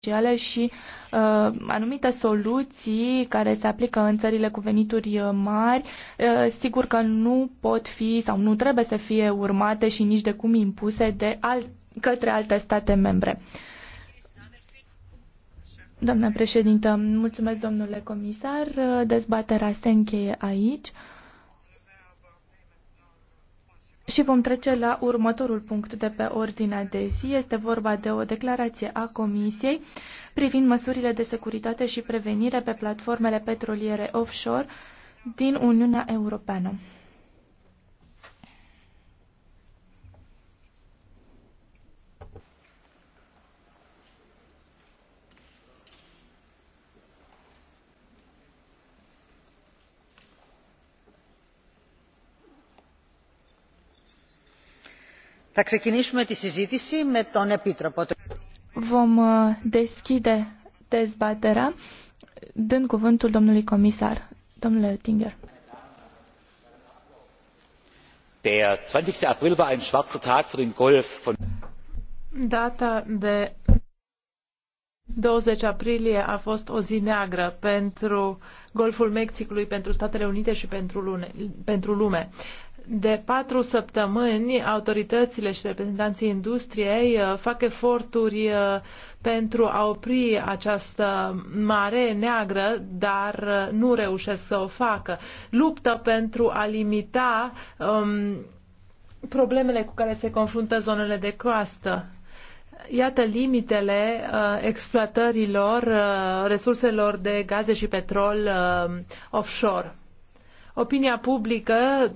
sociale și uh, anumite soluții care se aplică în țările cu venituri uh, mari, uh, sigur că nu pot fi sau nu trebuie să fie urmate și nici de cum impuse de al- către alte state membre. Doamna președintă, mulțumesc domnule comisar. Uh, dezbaterea se încheie aici. Și vom trece la următorul punct de pe ordinea de zi. Este vorba de o declarație a Comisiei privind măsurile de securitate și prevenire pe platformele petroliere offshore din Uniunea Europeană. Vom deschide dezbaterea dând cuvântul domnului comisar. Domnule Oettinger. Data de douăzeci aprilie a fost o zi neagră pentru Golful Mexicului, pentru Statele Unite și pentru lume de patru săptămâni, autoritățile și reprezentanții industriei uh, fac eforturi uh, pentru a opri această mare neagră, dar uh, nu reușesc să o facă. Luptă pentru a limita um, problemele cu care se confruntă zonele de coastă. Iată limitele uh, exploatărilor uh, resurselor de gaze și petrol uh, offshore Opinia publică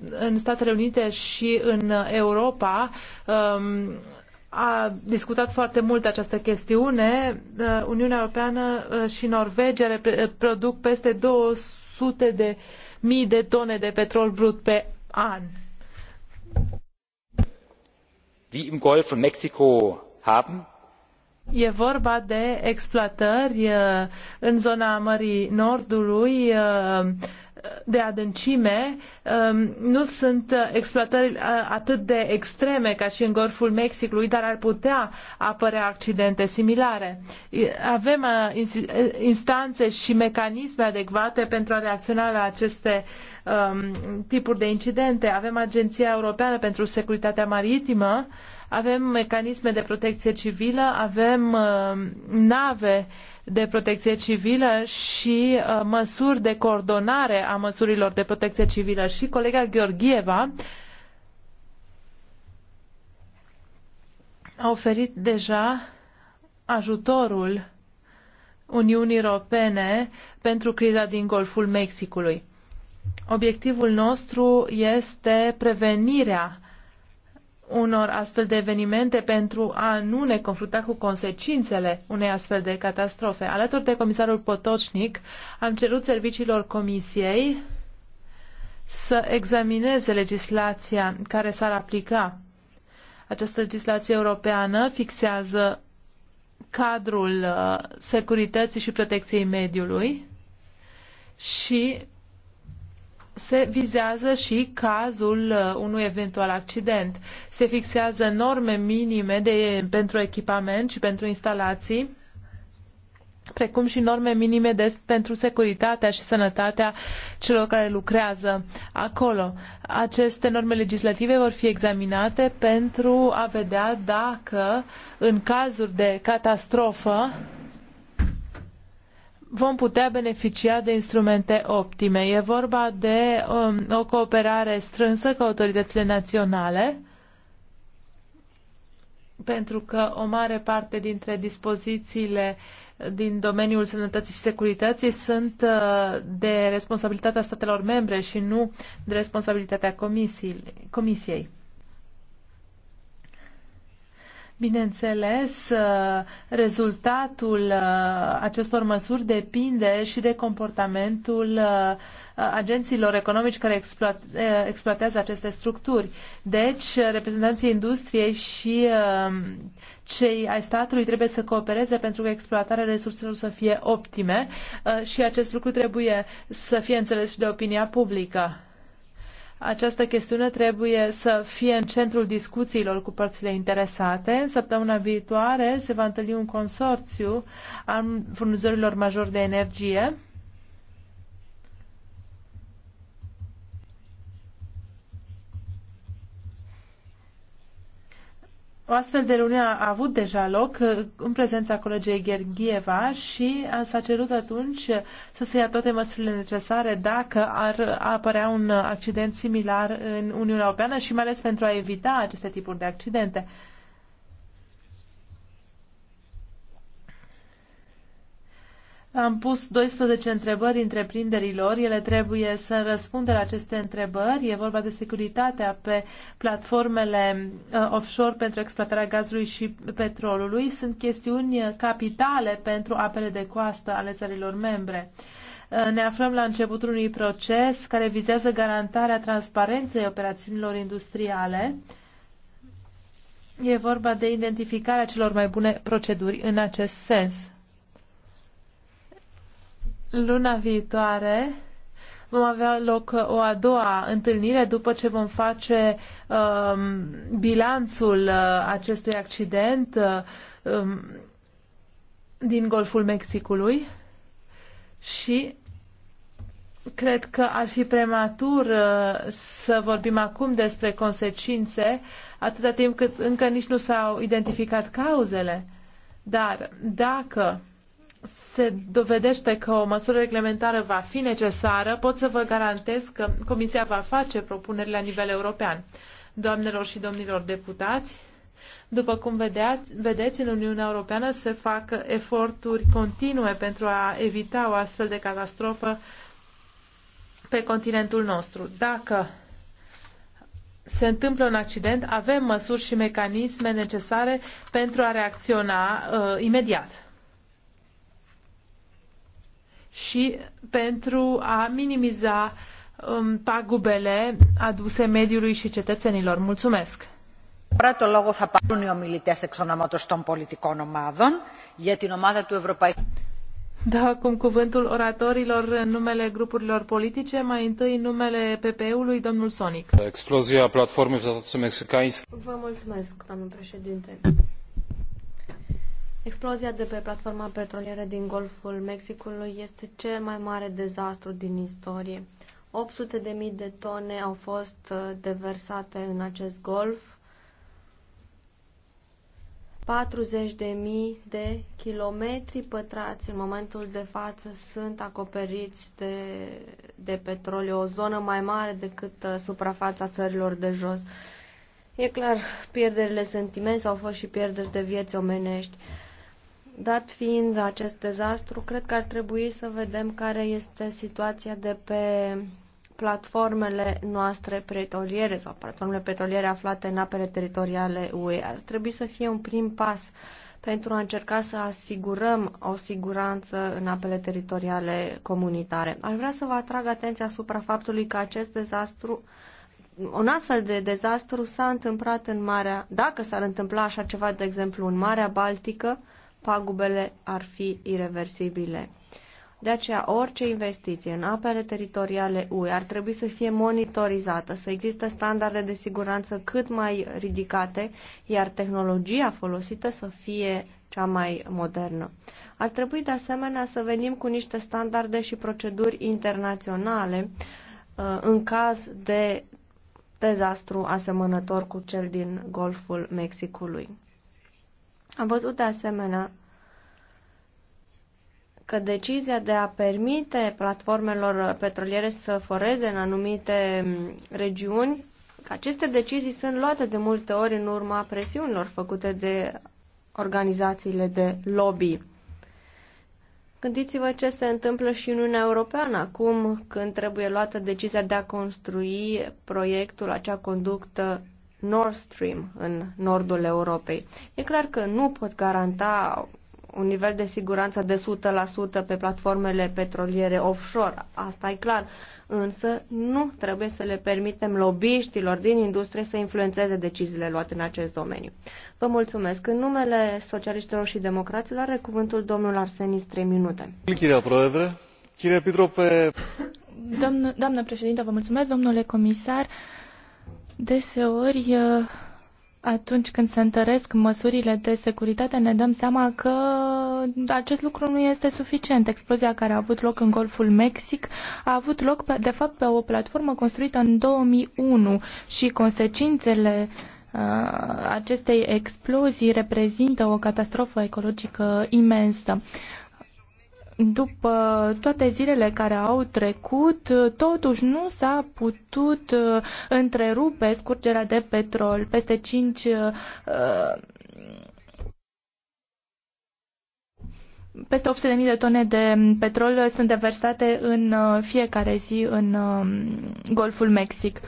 în Statele Unite și în Europa um, a discutat foarte mult această chestiune. Uh, Uniunea Europeană uh, și Norvegia uh, produc peste 200 de mii de tone de petrol brut pe an. Wie im Golf von Mexiko haben E vorba de exploatări în zona Mării Nordului de adâncime um, nu sunt uh, exploatări uh, atât de extreme ca și în Golful Mexicului, dar ar putea apărea accidente similare. Avem uh, instanțe și mecanisme adecvate pentru a reacționa la aceste um, tipuri de incidente. Avem Agenția Europeană pentru Securitatea Maritimă avem mecanisme de protecție civilă, avem uh, nave de protecție civilă și uh, măsuri de coordonare a măsurilor de protecție civilă. Și colega Gheorgheva a oferit deja ajutorul Uniunii Europene pentru criza din Golful Mexicului. Obiectivul nostru este prevenirea unor astfel de evenimente pentru a nu ne confrunta cu consecințele unei astfel de catastrofe. Alături de comisarul Potocnic am cerut serviciilor comisiei să examineze legislația care s-ar aplica. Această legislație europeană fixează cadrul uh, securității și protecției mediului și se vizează și cazul uh, unui eventual accident. Se fixează norme minime de, pentru echipament și pentru instalații, precum și norme minime de, pentru securitatea și sănătatea celor care lucrează acolo. Aceste norme legislative vor fi examinate pentru a vedea dacă, în cazuri de catastrofă, vom putea beneficia de instrumente optime. E vorba de um, o cooperare strânsă cu autoritățile naționale, pentru că o mare parte dintre dispozițiile din domeniul sănătății și securității sunt uh, de responsabilitatea statelor membre și nu de responsabilitatea comisiei. Bineînțeles, uh, rezultatul uh, acestor măsuri depinde și de comportamentul uh, agenților economici care exploatează aceste structuri. Deci, reprezentanții industriei și um, cei ai statului trebuie să coopereze pentru că exploatarea resurselor să fie optime și acest lucru trebuie să fie înțeles și de opinia publică. Această chestiune trebuie să fie în centrul discuțiilor cu părțile interesate. În săptămâna viitoare se va întâlni un consorțiu al furnizorilor majori de energie O astfel de reuniune a avut deja loc uh, în prezența colegei Gherghieva și uh, s-a cerut atunci uh, să se ia toate măsurile necesare dacă ar apărea un accident similar în Uniunea Europeană și mai ales pentru a evita aceste tipuri de accidente. Am pus 12 întrebări întreprinderilor. Ele trebuie să răspundă la aceste întrebări. E vorba de securitatea pe platformele uh, offshore pentru exploatarea gazului și petrolului. Sunt chestiuni capitale pentru apele de coastă ale țărilor membre. Uh, ne aflăm la începutul unui proces care vizează garantarea transparenței operațiunilor industriale. E vorba de identificarea celor mai bune proceduri în acest sens. Luna viitoare vom avea loc o a doua întâlnire după ce vom face um, bilanțul uh, acestui accident uh, um, din Golful Mexicului și cred că ar fi prematur uh, să vorbim acum despre consecințe atâta timp cât încă nici nu s-au identificat cauzele. Dar dacă se dovedește că o măsură reglementară va fi necesară, pot să vă garantez că Comisia va face propuneri la nivel european. Doamnelor și domnilor deputați, după cum vedeați, vedeți, în Uniunea Europeană se fac eforturi continue pentru a evita o astfel de catastrofă pe continentul nostru. Dacă se întâmplă un accident, avem măsuri și mecanisme necesare pentru a reacționa uh, imediat și pentru a minimiza um, pagubele aduse mediului și cetățenilor. Mulțumesc! Τώρα το λόγο θα πάρουν οι ομιλητές εξ ονόματος των πολιτικών ομάδων για την ομάδα του Ευρωπαϊκού. Da, acum cuvântul oratorilor în numele grupurilor politice, mai întâi în numele PPE-ului, domnul Sonic. Explozia platformei w Zatoce Mexicańskiej. Vă mulțumesc, doamnă președinte. Explozia de pe platforma petrolieră din Golful Mexicului este cel mai mare dezastru din istorie. 800 de mii de tone au fost uh, deversate în acest golf. 40 de mii de kilometri pătrați în momentul de față sunt acoperiți de, de petroliu, o zonă mai mare decât uh, suprafața țărilor de jos. E clar, pierderile sentimente au fost și pierderi de vieți omenești. Uh, Dat fiind acest dezastru, cred că ar trebui să vedem care este situația de pe platformele noastre petroliere sau platformele petroliere aflate în apele teritoriale UE. Ar trebui să fie un prim pas pentru a încerca să asigurăm o siguranță în apele teritoriale comunitare. Aș vrea să vă atrag atenția asupra faptului că acest dezastru un astfel de dezastru s-a întâmplat în Marea, dacă s-ar întâmpla așa ceva, de exemplu, în Marea Baltică, pagubele ar fi irreversibile. De aceea, orice investiție în apele teritoriale UE ar trebui să fie monitorizată, să există standarde de siguranță cât mai ridicate, iar tehnologia folosită să fie cea mai modernă. Ar trebui de asemenea să venim cu niște standarde și proceduri internaționale uh, în caz de dezastru asemănător cu cel din Golful Mexicului. Am văzut de asemenea că decizia de a permite platformelor petroliere să foreze în anumite mm, regiuni, că aceste decizii sunt luate de multe ori în urma presiunilor făcute de organizațiile de lobby. Gândiți-vă ce se întâmplă și în Uniunea Europeană acum când trebuie luată decizia de a construi proiectul, acea conductă Nord Stream în nordul Europei. E clar că nu pot garanta un nivel de siguranță de 100% pe platformele petroliere offshore, asta e clar, însă nu trebuie să le permitem lobbyiștilor din industrie să influențeze deciziile luate în acest domeniu. Vă mulțumesc. În numele socialiștilor și democraților are cuvântul domnul Arsenis 3 minute. Doamnă, doamnă președintă, vă mulțumesc, domnule comisar. Uh, Deseori, uh, atunci când se întăresc măsurile de securitate, ne dăm seama că acest lucru nu este suficient. Explozia care a avut loc în Golful Mexic a avut loc, de fapt, pe o platformă construită în 2001 și consecințele uh, acestei explozii reprezintă o catastrofă ecologică imensă după toate zilele care au trecut, totuși nu s-a putut uh, întrerupe scurgerea de petrol. Peste 5 uh, uh, peste 800.000 de tone de petrol sunt deversate în fiecare zi în Golful Mexic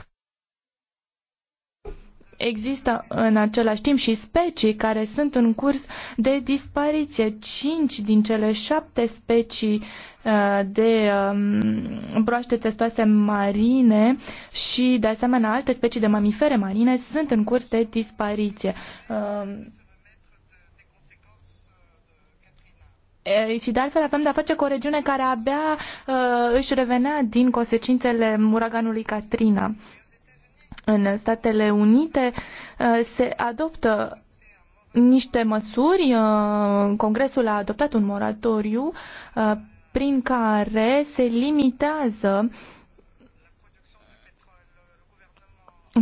există în același timp și specii care sunt în curs de dispariție. Cinci din cele șapte specii uh, de um, broaște testoase marine și de asemenea alte specii de mamifere marine sunt în curs de dispariție. Um, și de altfel avem de-a face cu o regiune care abia uh, își revenea din consecințele uraganului Katrina. În Statele Unite uh, se adoptă niște măsuri. Uh, Congresul a adoptat un moratoriu uh, prin care se limitează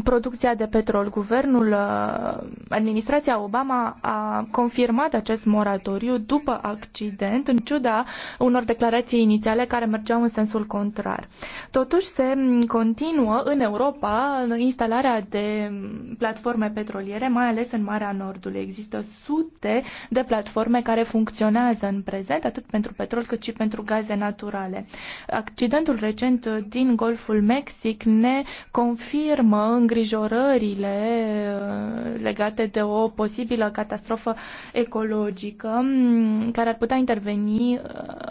producția de petrol. Guvernul, uh, administrația Obama a confirmat acest moratoriu după accident, în ciuda unor declarații inițiale care mergeau în sensul contrar. Totuși se continuă în Europa instalarea de platforme petroliere, mai ales în Marea Nordului. Există sute de platforme care funcționează în prezent, atât pentru petrol cât și pentru gaze naturale. Accidentul recent din Golful Mexic ne confirmă îngrijorările uh, legate de o posibilă catastrofă ecologică mm, care ar putea interveni uh,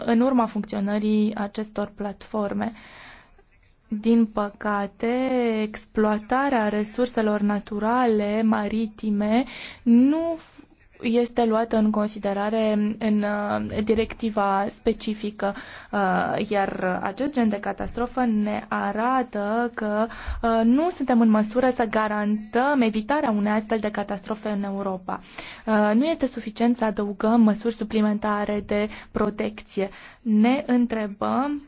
în urma funcționării acestor platforme. Din păcate, exploatarea resurselor naturale maritime nu este luată în considerare în uh, directiva specifică, uh, iar acest gen de catastrofă ne arată că uh, nu suntem în măsură să garantăm evitarea unei astfel de catastrofe în Europa. Nu este suficient să adăugăm măsuri suplimentare de protecție. Ne întrebăm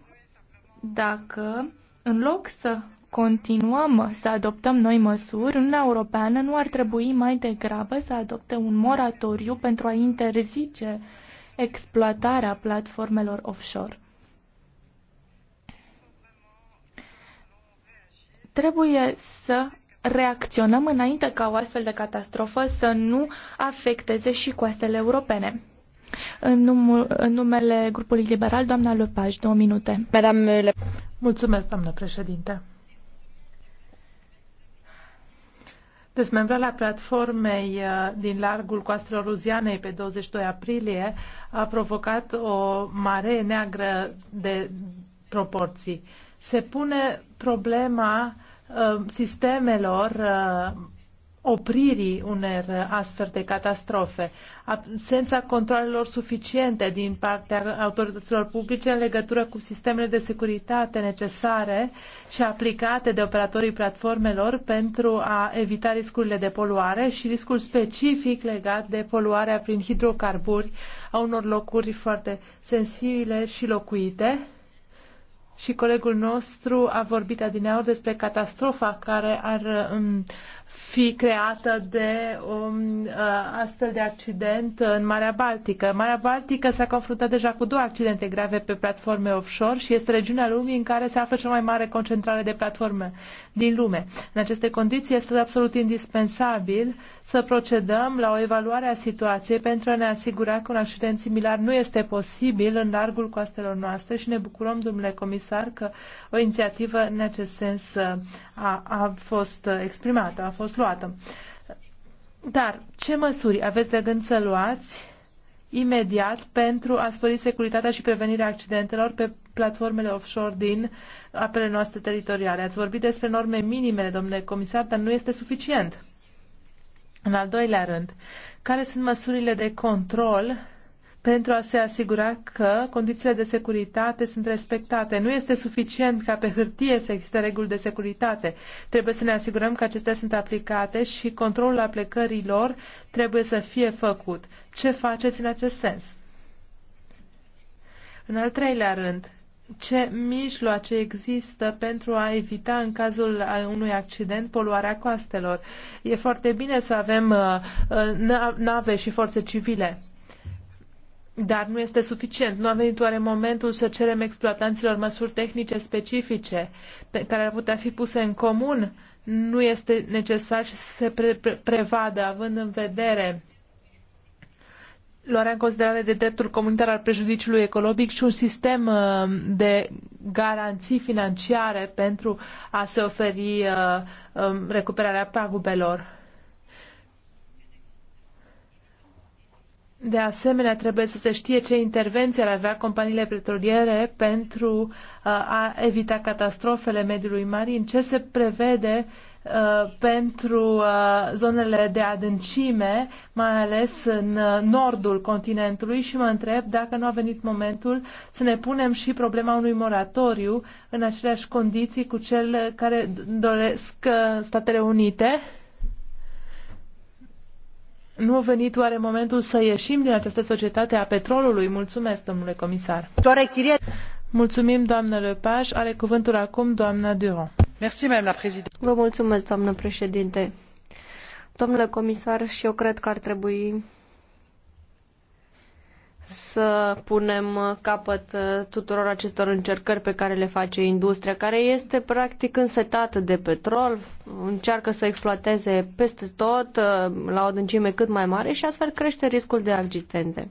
dacă în loc să continuăm să adoptăm noi măsuri, Uniunea Europeană nu ar trebui mai degrabă să adopte un moratoriu pentru a interzice exploatarea platformelor offshore. Trebuie să reacționăm înainte ca o astfel de catastrofă să nu afecteze și coastele europene. În, num- în numele grupului liberal, doamna Lepaj, două minute. Madame Le... Mulțumesc, doamnă președinte. Dezmembrarea platformei uh, din largul coastelor ruzianei pe 22 aprilie a provocat o mare neagră de proporții. Se pune problema uh, sistemelor uh, opririi unor astfel de catastrofe, absența controlelor suficiente din partea autorităților publice în legătură cu sistemele de securitate necesare și aplicate de operatorii platformelor pentru a evita riscurile de poluare și riscul specific legat de poluarea prin hidrocarburi a unor locuri foarte sensibile și locuite. Și colegul nostru a vorbit adineaur despre catastrofa care ar fi creată de un uh, astfel de accident în Marea Baltică. Marea Baltică s-a confruntat deja cu două accidente grave pe platforme offshore și este regiunea lumii în care se află cea mai mare concentrare de platforme din lume. În aceste condiții este absolut indispensabil să procedăm la o evaluare a situației pentru a ne asigura că un accident similar nu este posibil în largul coastelor noastre și ne bucurăm, domnule comisar, că o inițiativă în acest sens uh, a, a fost exprimată, a fost luată. Dar ce măsuri aveți de gând să luați imediat pentru a spori securitatea și prevenirea accidentelor pe platformele offshore din apele noastre teritoriale? Ați vorbit despre norme minime, domnule comisar, dar nu este suficient. În al doilea rând, care sunt măsurile de control pentru a se asigura că condițiile de securitate sunt respectate. Nu este suficient ca pe hârtie să existe reguli de securitate. Trebuie să ne asigurăm că acestea sunt aplicate și controlul aplicărilor trebuie să fie făcut. Ce faceți în acest sens? În al treilea rând, ce mijloace există pentru a evita în cazul unui accident poluarea coastelor. E foarte bine să avem uh, uh, nave și forțe civile dar nu este suficient. Nu a venit oare momentul să cerem exploatanților măsuri tehnice specifice pe care ar putea fi puse în comun? Nu este necesar să se pre- pre- prevadă, având în vedere luarea în considerare de dreptul comunitar al prejudiciului ecologic și un sistem uh, de garanții financiare pentru a se oferi uh, um, recuperarea pagubelor. De asemenea, trebuie să se știe ce intervenții ar avea companiile petroliere pentru uh, a evita catastrofele mediului marin, ce se prevede uh, pentru uh, zonele de adâncime, mai ales în nordul continentului și mă întreb dacă nu a venit momentul să ne punem și problema unui moratoriu în aceleași condiții cu cel care doresc Statele Unite. Nu a venit oare momentul să ieșim din această societate a petrolului? Mulțumesc, domnule comisar. Mulțumim, doamnă Lepaș. Are cuvântul acum doamna Durand. Vă mulțumesc, doamnă președinte. Domnule comisar, și eu cred că ar trebui să punem capăt uh, tuturor acestor încercări pe care le face industria, care este practic însetată de petrol, încearcă să exploateze peste tot, uh, la o adâncime cât mai mare și astfel crește riscul de accidente.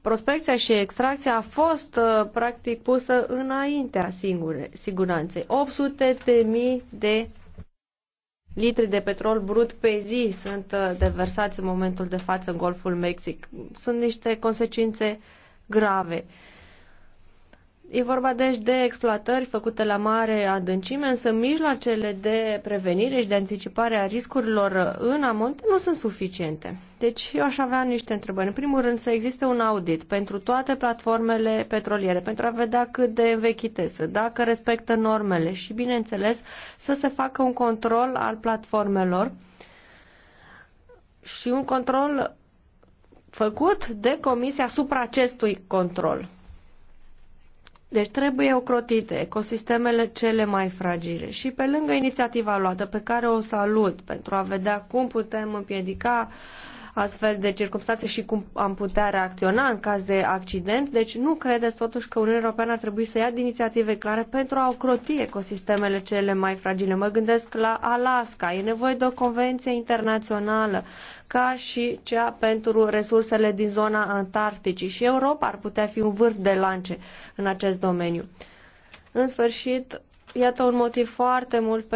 Prospecția și extracția a fost uh, practic pusă înaintea singure, siguranței. 800 de mii de litri de petrol brut pe zi sunt uh, deversați în momentul de față în Golful Mexic. Sunt niște consecințe grave. E vorba deci de exploatări făcute la mare adâncime, însă mijloacele de prevenire și de anticipare a riscurilor în amonte nu sunt suficiente. Deci eu aș avea niște întrebări. În primul rând să existe un audit pentru toate platformele petroliere, pentru a vedea cât de învechite sunt, dacă respectă normele și, bineînțeles, să se facă un control al platformelor și un control făcut de comisia asupra acestui control. Deci trebuie ocrotite ecosistemele cele mai fragile și pe lângă inițiativa luată pe care o salut pentru a vedea cum putem împiedica uh, astfel de circunstanțe și cum am putea reacționa în caz de accident. Deci nu credeți totuși că Uniunea Europeană ar trebui să ia inițiative clare pentru a ocroti ecosistemele cele mai fragile. Mă gândesc la Alaska. E nevoie de o convenție internațională ca și cea pentru resursele din zona Antarcticii și Europa ar putea fi un vârf de lance în acest domeniu. În sfârșit, iată un motiv foarte mult,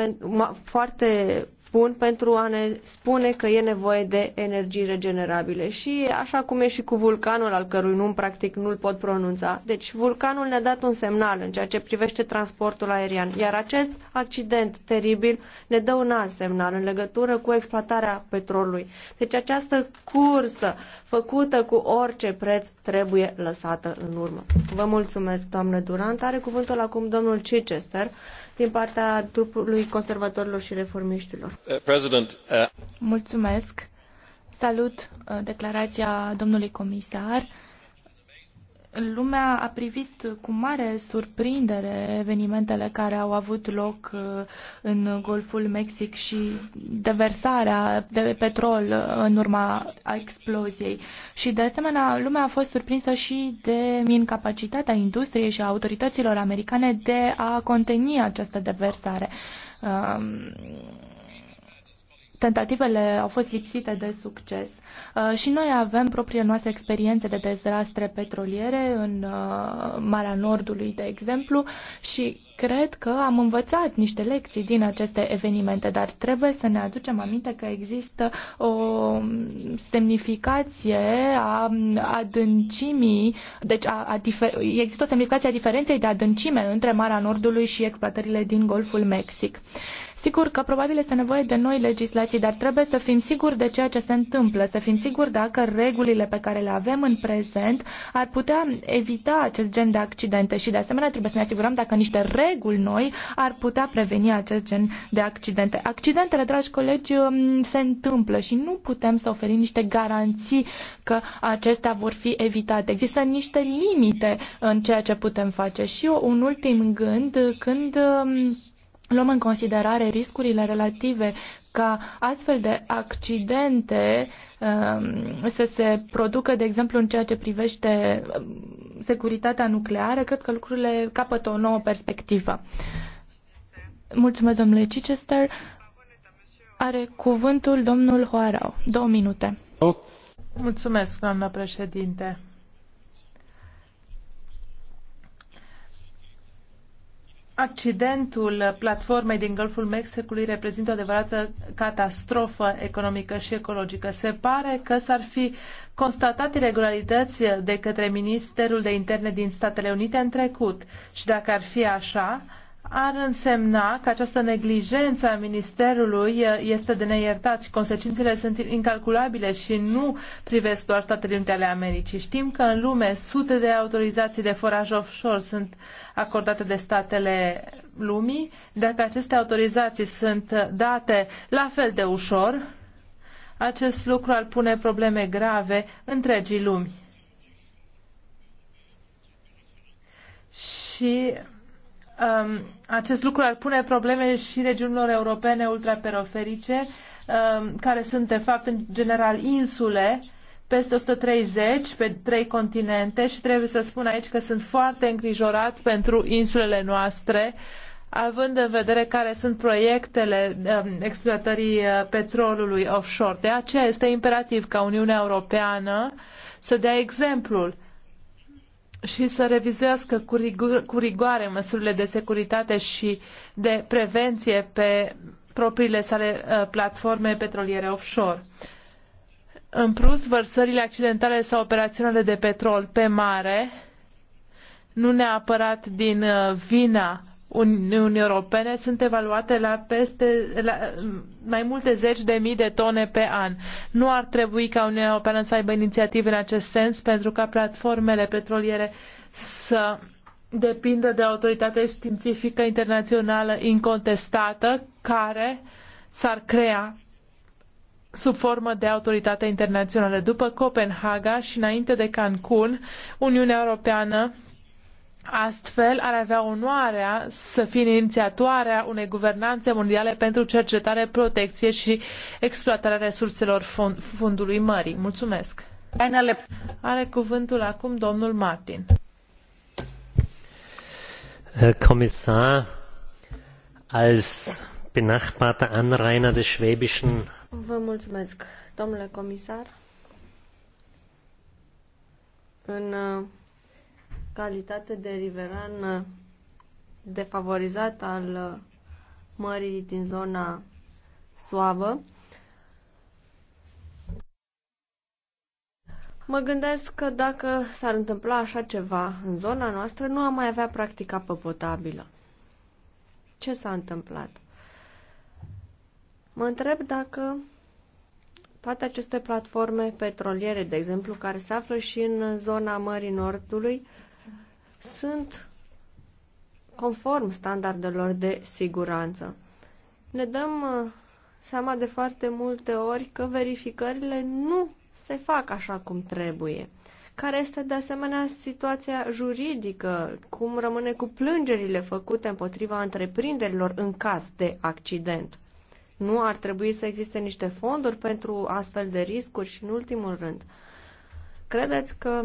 foarte bun pentru a ne spune că e nevoie de energii regenerabile. Și așa cum e și cu vulcanul, al cărui nu practic nu-l pot pronunța, deci vulcanul ne-a dat un semnal în ceea ce privește transportul aerian, iar acest accident teribil ne dă un alt semnal în legătură cu exploatarea petrolului. Deci această cursă făcută cu orice preț trebuie lăsată în urmă. Vă mulțumesc, doamnă Durant. Are cuvântul acum domnul Chichester din partea grupului conservatorilor și reformiștilor. Uh, uh, Mulțumesc. Salut uh, declarația domnului comisar. Lumea a privit cu mare surprindere evenimentele care au avut loc uh, în Golful Mexic și deversarea de petrol uh, în urma exploziei. Și de asemenea, lumea a fost surprinsă și de incapacitatea industriei și a autorităților americane de a conteni această deversare. Um tentativele au fost lipsite de succes. Uh, și noi avem propriile noastre experiențe de dezastre petroliere în uh, Marea Nordului, de exemplu, și cred că am învățat niște lecții din aceste evenimente, dar trebuie să ne aducem aminte că există o semnificație a adâncimii, deci a, a difer- există o semnificație a diferenței de adâncime între Marea Nordului și exploatările din Golful Mexic. Uh, Sigur că probabil este nevoie de noi legislații, dar trebuie să fim siguri de ceea ce se întâmplă, să fim siguri dacă regulile pe care le avem în prezent ar putea evita acest gen de accidente și de asemenea trebuie să ne asigurăm dacă niște reguli noi ar putea preveni acest gen de accidente. Accidentele, dragi colegi, um, se întâmplă și nu putem să oferim niște garanții că acestea vor fi evitate. Există niște limite în ceea ce putem face. Și eu, un ultim gând, când um, luăm în considerare riscurile relative ca astfel de accidente um, să se producă, de exemplu, în ceea ce privește um, securitatea nucleară, cred că lucrurile capătă o nouă perspectivă. Mulțumesc, domnule Chichester. Are cuvântul domnul Hoarau. Două minute. Mulțumesc, doamna președinte. Accidentul platformei din Golful Mexicului reprezintă o adevărată catastrofă economică și ecologică. Se pare că s-ar fi constatat irregularități de către Ministerul de Interne din Statele Unite în trecut. Și dacă ar fi așa, ar însemna că această neglijență a Ministerului este de neiertat și consecințele sunt incalculabile și nu privesc doar Statele Unite ale Americii. Știm că în lume sute de autorizații de foraj offshore sunt acordate de statele lumii. Dacă aceste autorizații sunt date la fel de ușor, acest lucru ar pune probleme grave întregii lumi. Și um, acest lucru ar pune probleme și regiunilor europene ultraperiferice, um, care sunt de fapt în general insule, peste 130 pe trei continente și trebuie să spun aici că sunt foarte îngrijorat pentru insulele noastre, având în vedere care sunt proiectele um, exploatării uh, petrolului offshore. De aceea este imperativ ca Uniunea Europeană să dea exemplul și să revizuiască cu, cu rigoare măsurile de securitate și de prevenție pe propriile sale uh, platforme petroliere offshore. În plus, vărsările accidentale sau operațiunile de petrol pe mare, nu neapărat din uh, vina Uniunii Europene sunt evaluate la peste la mai multe zeci de mii de tone pe an. Nu ar trebui ca Uniunea Europeană să aibă inițiative în acest sens pentru ca platformele petroliere să depindă de autoritate științifică internațională incontestată care s-ar crea sub formă de autoritate internațională. După Copenhaga și înainte de Cancun, Uniunea Europeană Astfel, ar avea onoarea să fie inițiatoarea unei guvernanțe mondiale pentru cercetare, protecție și exploatarea resurselor fond fundului mării. Mulțumesc! Are cuvântul acum domnul Martin. Comisar, Kommissar, als benachbarter Anrainer des Schwäbischen. Vă mulțumesc, domnule comisar. În uh, calitate de riveran uh, defavorizat al uh, mării din zona suavă. Mă gândesc că dacă s-ar întâmpla așa ceva în zona noastră, nu am mai avea practic apă potabilă. Ce s-a întâmplat? Mă întreb dacă toate aceste platforme petroliere, de exemplu, care se află și în zona Mării Nordului, uh, sunt conform standardelor de siguranță. Ne dăm uh, seama de foarte multe ori că verificările nu se fac așa cum trebuie. Care este de asemenea situația juridică? Cum rămâne cu plângerile făcute împotriva întreprinderilor în caz de accident? Nu ar trebui să existe niște fonduri pentru astfel de riscuri și, în ultimul rând, credeți că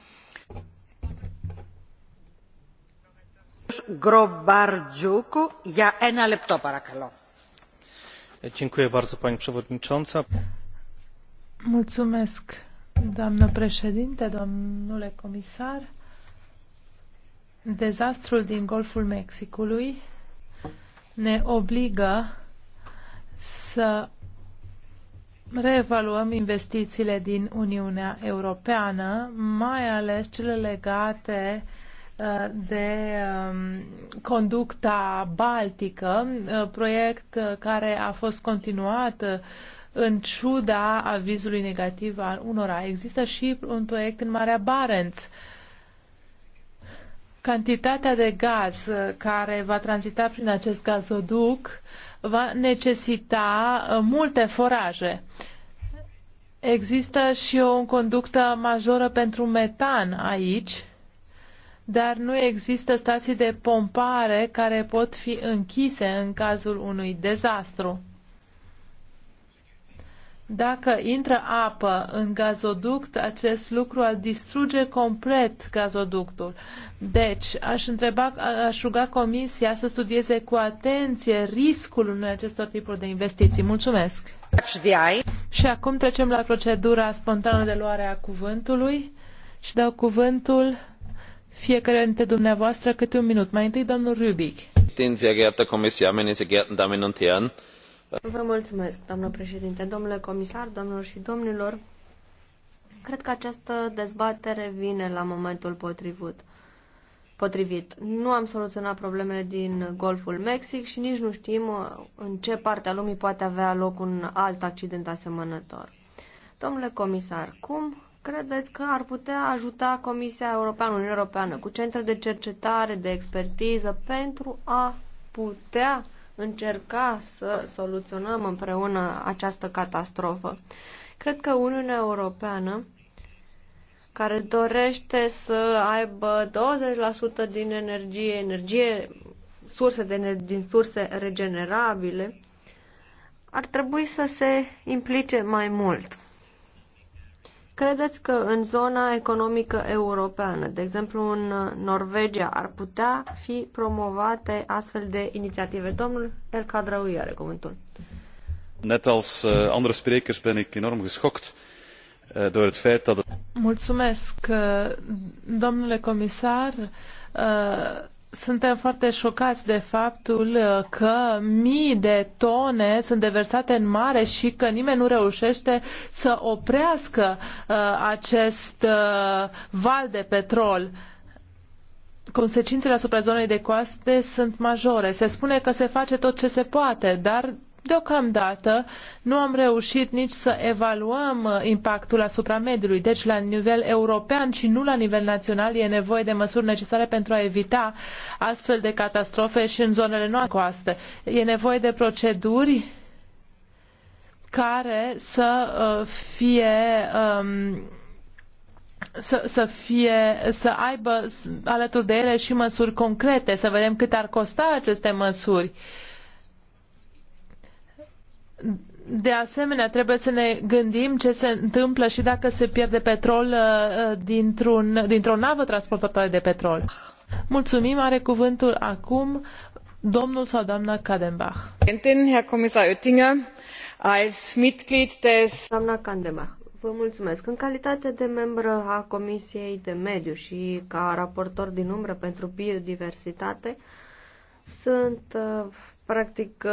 Mulțumesc, doamnă președinte, domnule comisar. Dezastrul din Golful Mexicului ne obligă să reevaluăm investițiile din Uniunea Europeană, mai ales cele legate de um, conducta baltică, uh, proiect care a fost continuat uh, în ciuda avizului negativ al unora. Există și un proiect în Marea Barents. Cantitatea de gaz uh, care va tranzita prin acest gazoduc va necesita multe foraje. Există și o conductă majoră pentru metan aici dar nu există stații de pompare care pot fi închise în cazul unui dezastru. Dacă intră apă în gazoduct, acest lucru ar distruge complet gazoductul. Deci, aș, întreba, aș ruga Comisia să studieze cu atenție riscul unui acestor tipuri de investiții. Mulțumesc! Și acum trecem la procedura spontană de luare a cuvântului și dau cuvântul fiecare dintre dumneavoastră câte un minut. Mai întâi, domnul Rubic. Sehr geehrter Kommissar, meine sehr geehrten Damen und Herren. Vă mulțumesc, doamnă președinte, domnule comisar, domnilor și domnilor. Cred că această dezbatere vine la momentul potrivit. Potrivit. Nu am soluționat problemele din Golful Mexic și nici nu știm uh, în ce parte a lumii poate avea loc un alt accident asemănător. Domnule comisar, cum credeți că ar putea ajuta Comisia Europeană, Uniunea Europeană, cu centre de cercetare, de expertiză, pentru a putea încerca să soluționăm împreună această catastrofă? Cred că Uniunea Europeană care dorește să aibă 20% din energie, energie surse de energie, din surse regenerabile, ar trebui să se implice mai mult. Credeți că în zona economică europeană, de exemplu în Norvegia, ar putea fi promovate astfel de inițiative? Domnul El Cadraui are cuvântul. Net als uh, andere sprekers ben ik enorm geschokt uh, door het feit dat... Mulțumesc, eh, domnule comisar. Uh, suntem foarte șocați de faptul uh, că mii de tone sunt deversate în mare și că nimeni nu reușește să oprească uh, acest uh, val de petrol. Consecințele asupra zonei de coaste sunt majore. Se spune că se face tot ce se poate, dar Deocamdată nu am reușit nici să evaluăm uh, impactul asupra mediului, deci la nivel european și nu la nivel național e nevoie de măsuri necesare pentru a evita astfel de catastrofe și în zonele noastre coaste. E nevoie de proceduri care să uh, fie um, să, să fie, să aibă alături de ele și măsuri concrete, să vedem cât ar costa aceste măsuri. Uh, de asemenea, trebuie să ne gândim ce se întâmplă și dacă se pierde petrol uh, uh, dintr-un, dintr-o navă transportatoare de petrol. Mulțumim, are cuvântul acum domnul sau doamna Kadenbach. Herr Kommissar Oettinger, als Mitglied des... Doamna Kadenbach, vă mulțumesc. În calitate de membră a Comisiei de Mediu și ca raportor din umbră pentru biodiversitate, sunt uh, practic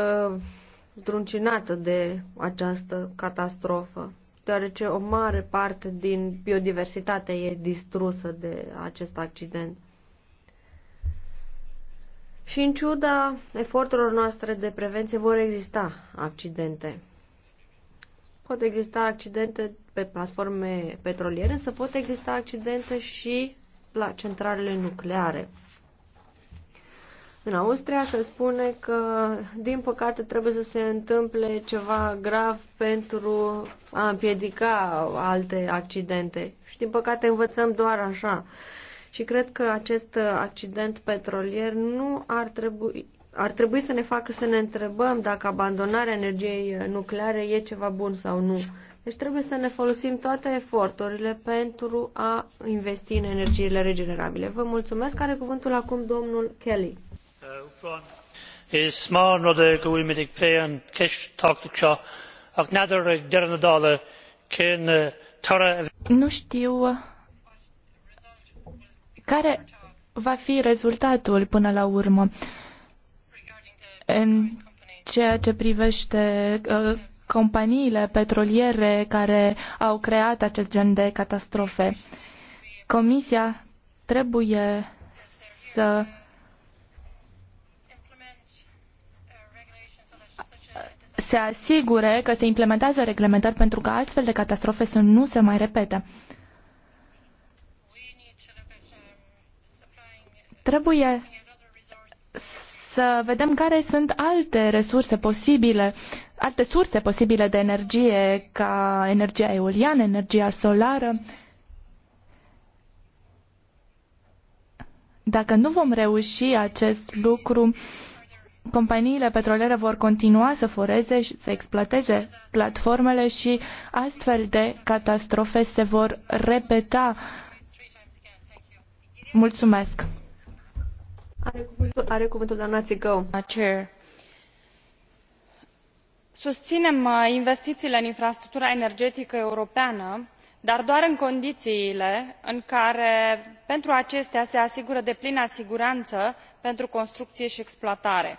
zdruncinată de această catastrofă, deoarece o mare parte din biodiversitate e distrusă de acest accident. Și în ciuda eforturilor noastre de prevenție vor exista accidente. Pot exista accidente pe platforme petroliere, să pot exista accidente și la centralele nucleare. În Austria se spune că, din păcate, trebuie să se întâmple ceva grav pentru a împiedica alte accidente. Și, din păcate, învățăm doar așa. Și cred că acest accident petrolier nu ar trebui, ar trebui să ne facă să ne întrebăm dacă abandonarea energiei nucleare e ceva bun sau nu. Deci trebuie să ne folosim toate eforturile pentru a investi în energiile regenerabile. Vă mulțumesc. Are cuvântul acum domnul Kelly is mar nó de go bhfuil midig plé tábhachtach seo ach neadar ag deireadh na dála cén eh, tara. Nu știu eh, care va fi rezultatul până la urmă în ceea ce privește eh, companiile petroliere care au creat acest gen de catastrofe. Comisia trebuie să se asigure că se implementează reglementări pentru ca astfel de catastrofe să nu se mai repete. Trebuie să vedem care sunt alte resurse posibile, alte surse posibile de energie, ca energia eoliană, energia solară. Dacă nu vom reuși acest lucru, companiile petroliere vor continua să foreze și să exploateze platformele și astfel de catastrofe se vor repeta. Mulțumesc. Are cuvântul, are cuvântul doamna Țigău. Susținem uh, investițiile în infrastructura energetică europeană, dar doar în condițiile în care pentru acestea se asigură deplină siguranță pentru construcție și exploatare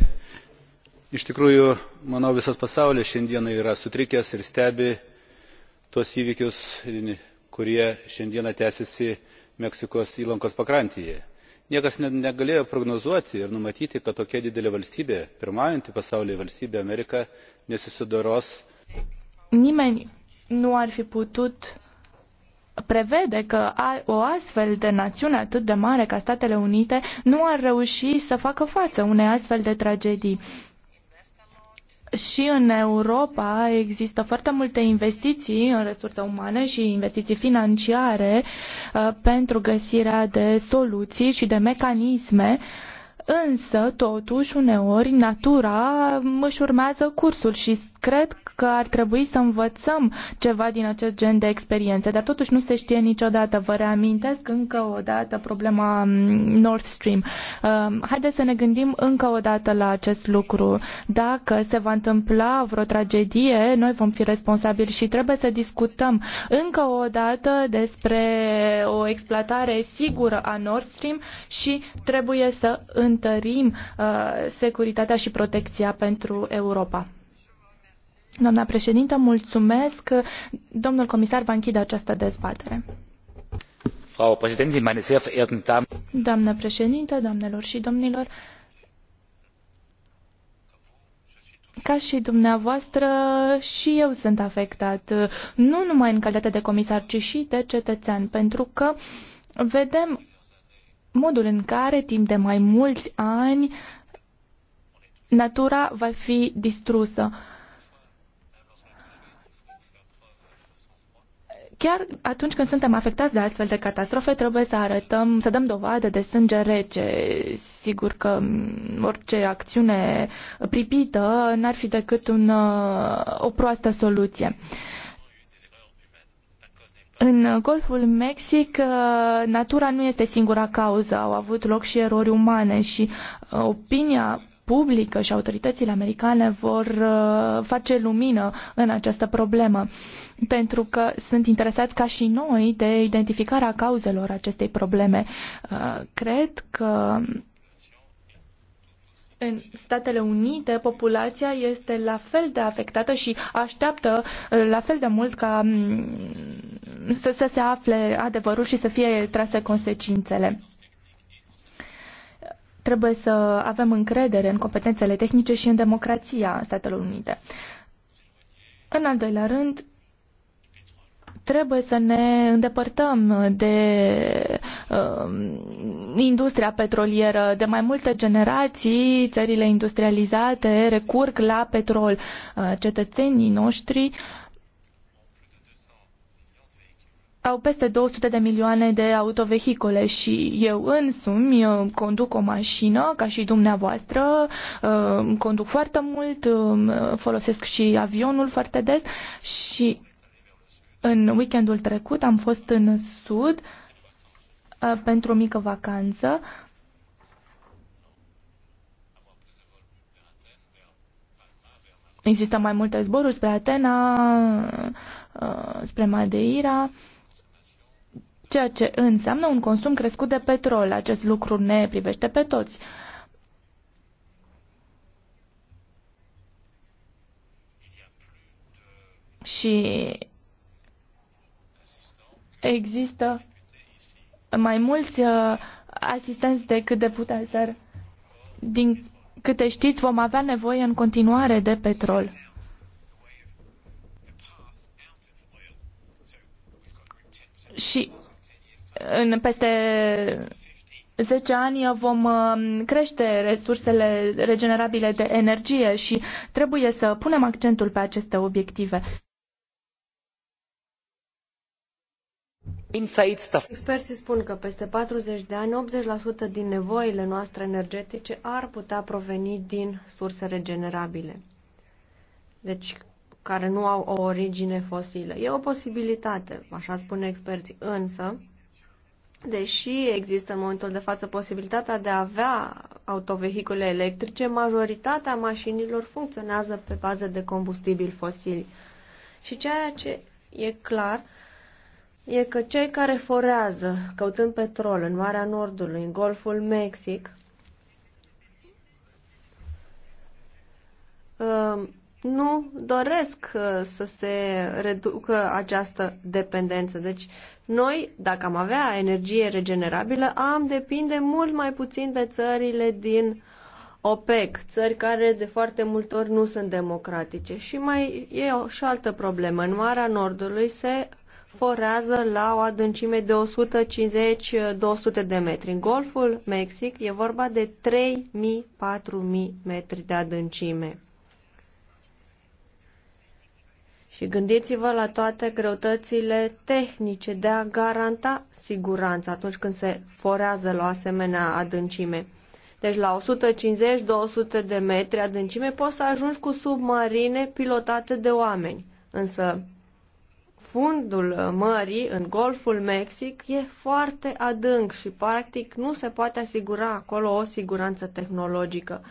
iš tikrųjų manau visas pasaulis šiandieną yra sutrikęs ir stebi tuos įvykius kurie šiandieną tęsiasi meksikos įlankos pakrantėje. niekas negalėjo prognozuoti ir numatyti kad tokia didelė valstybė pirmaujanti pasaulyje valstybė amerika nesusidoros Nimeni nu ar fi putut prevede că o astfel de națiune atât de mare ca Statele Unite nu ar reuși să facă față unei astfel de tragedii și în Europa există foarte multe investiții în resurse umane și investiții financiare uh, pentru găsirea de soluții și de mecanisme uh, Însă, totuși, uneori, natura își urmează cursul și cred că ar trebui să învățăm ceva din acest gen de experiențe, dar totuși nu se știe niciodată. Vă reamintesc încă o dată problema mm, Nord Stream. Um, haideți să ne gândim încă o dată la acest lucru. Dacă se va întâmpla vreo tragedie, noi vom fi responsabili și trebuie să discutăm încă o dată despre o exploatare sigură a Nord Stream și trebuie să întâlnim întărim uh, securitatea și protecția pentru Europa. Doamna președintă, mulțumesc. Domnul comisar va închide această dezbatere. Frau Präsidentin, meine sehr verehrten Damen. Doamnă președintă, doamnelor și domnilor, ca și dumneavoastră, și eu sunt afectat, nu numai în calitate de comisar, ci și de cetățean, pentru că vedem modul în care timp de mai mulți ani natura va fi distrusă. Chiar atunci când suntem afectați de astfel de catastrofe, trebuie să arătăm, să dăm dovadă de sânge rece. Sigur că orice acțiune pripită n-ar fi decât un, uh, o proastă soluție. Uh, în Golful Mexic, uh, natura nu este singura cauză. Au avut loc și erori umane și uh, opinia publică și autoritățile americane vor uh, face lumină în această problemă, pentru că sunt interesați ca și noi de identificarea cauzelor acestei probleme. Cred că în Statele Unite populația este la fel de afectată și așteaptă la fel de mult ca mm, să, să se afle adevărul și să fie trase consecințele. Trebuie să avem încredere în competențele tehnice și în democrația Statelor Unite. În al doilea rând, trebuie să ne îndepărtăm de uh, industria petrolieră. De mai multe generații, țările industrializate recurg la petrol. Uh, cetățenii noștri uh, au peste 200 de milioane de autovehicole și eu însumi eu uh, conduc o mașină, ca și dumneavoastră, uh, conduc foarte mult, um, folosesc și avionul foarte des și în weekendul trecut am fost în sud uh, pentru o mică vacanță Există mai multe zboruri spre Atena, spre Madeira ceea ce înseamnă un consum crescut de petrol. Acest lucru ne privește pe toți. Și există mai mulți uh, asistenți decât deputați, dar din câte știți, vom avea nevoie în continuare de petrol. Și în peste 10 ani vom uh, crește resursele regenerabile de energie și trebuie să punem accentul pe aceste obiective. Experții spun că peste 40 de ani, 80% din nevoile noastre energetice ar putea proveni din surse regenerabile, deci care nu au o origine fosilă. E o posibilitate, așa spun experții, însă deși există în momentul de față posibilitatea de a avea autovehicule electrice, majoritatea mașinilor funcționează pe bază de combustibili fosili. Și ceea ce e clar e că cei care forează căutând petrol în Marea Nordului, în Golful Mexic, um, nu doresc uh, să se reducă această dependență. Deci, noi, dacă am avea energie regenerabilă, am depinde mult mai puțin de țările din OPEC, țări care de foarte multe ori nu sunt democratice. Și mai e o, și o altă problemă. În Marea Nordului se forează la o adâncime de 150-200 de metri. În Golful Mexic e vorba de 3.000-4.000 metri de adâncime. Și gândiți-vă la toate greutățile tehnice de a garanta siguranța atunci când se forează la o asemenea adâncime. Deci la 150-200 de metri adâncime poți să ajungi cu submarine pilotate de oameni. Însă fundul mării în Golful Mexic e foarte adânc și practic nu se poate asigura acolo o siguranță tehnologică.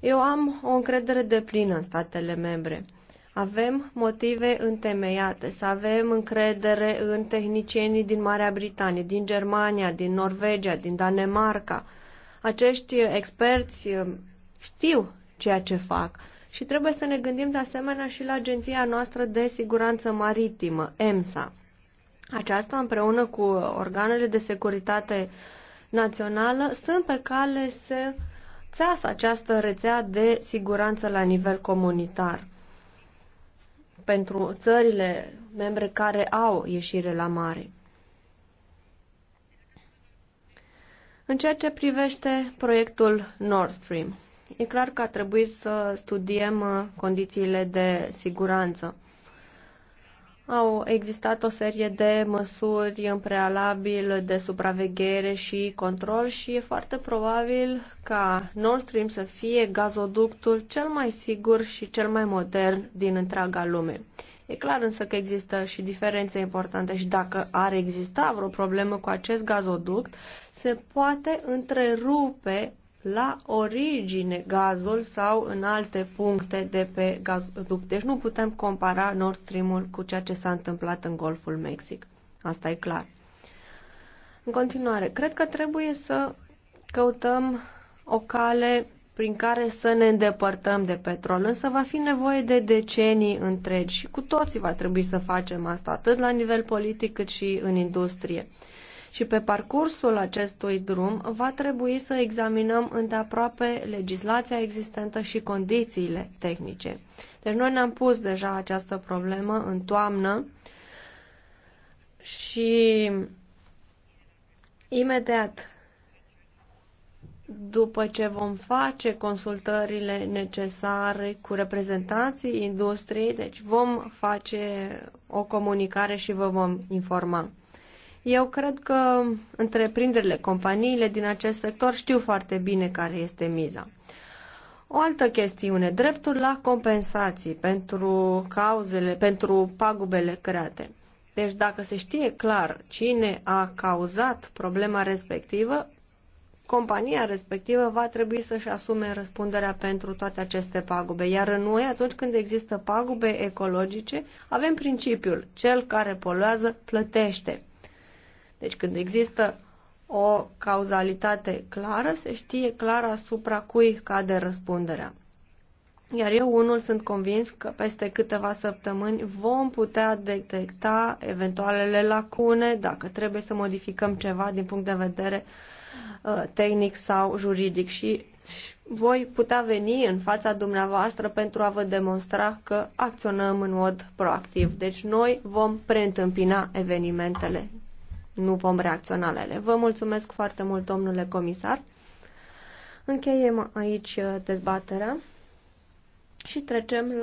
Eu am o încredere de plină în statele membre avem motive întemeiate, să avem încredere în tehnicienii din Marea Britanie, din Germania, din Norvegia, din Danemarca. Acești experți um, știu ceea ce fac și trebuie să ne gândim de asemenea și la Agenția noastră de Siguranță Maritimă, EMSA. Aceasta împreună cu organele de securitate națională sunt pe cale să țeasă această rețea de siguranță la nivel comunitar pentru țările membre care au ieșire la mare. În ceea ce privește proiectul Nord Stream, e clar că a trebuit să studiem uh, condițiile de siguranță au existat o serie de măsuri în prealabil de supraveghere și control și e foarte probabil ca Nord Stream să fie gazoductul cel mai sigur și cel mai modern din întreaga lume. E clar însă că există și diferențe importante și dacă ar exista vreo problemă cu acest gazoduct, se poate întrerupe la origine gazul sau în alte puncte de pe gazoduct. Deci nu putem compara Nord Stream-ul cu ceea ce s-a întâmplat în Golful Mexic. Asta e clar. În continuare, cred că trebuie să căutăm o cale prin care să ne îndepărtăm de petrol, însă va fi nevoie de decenii întregi și cu toții va trebui să facem asta, atât la nivel politic cât și în industrie. Și pe parcursul acestui drum va trebui să examinăm îndeaproape legislația existentă și condițiile tehnice. Deci noi ne-am pus deja această problemă în toamnă și imediat după ce vom face consultările necesare cu reprezentanții industriei, deci vom face o comunicare și vă vom informa. Eu cred că întreprinderile, companiile din acest sector știu foarte bine care este miza. O altă chestiune, dreptul la compensații pentru cauzele, pentru pagubele create. Deci dacă se știe clar cine a cauzat problema respectivă, compania respectivă va trebui să-și asume răspunderea pentru toate aceste pagube. Iar noi, atunci când există pagube ecologice, avem principiul cel care poluează plătește. Deci când există o cauzalitate clară, se știe clar asupra cui cade răspunderea. Iar eu unul sunt convins că peste câteva săptămâni vom putea detecta eventualele lacune, dacă trebuie să modificăm ceva din punct de vedere uh, tehnic sau juridic și voi putea veni în fața dumneavoastră pentru a vă demonstra că acționăm în mod proactiv. Deci noi vom preîntâmpina evenimentele nu vom reacționa la ele. Vă mulțumesc foarte mult, domnule comisar. Încheiem aici uh, dezbaterea și trecem la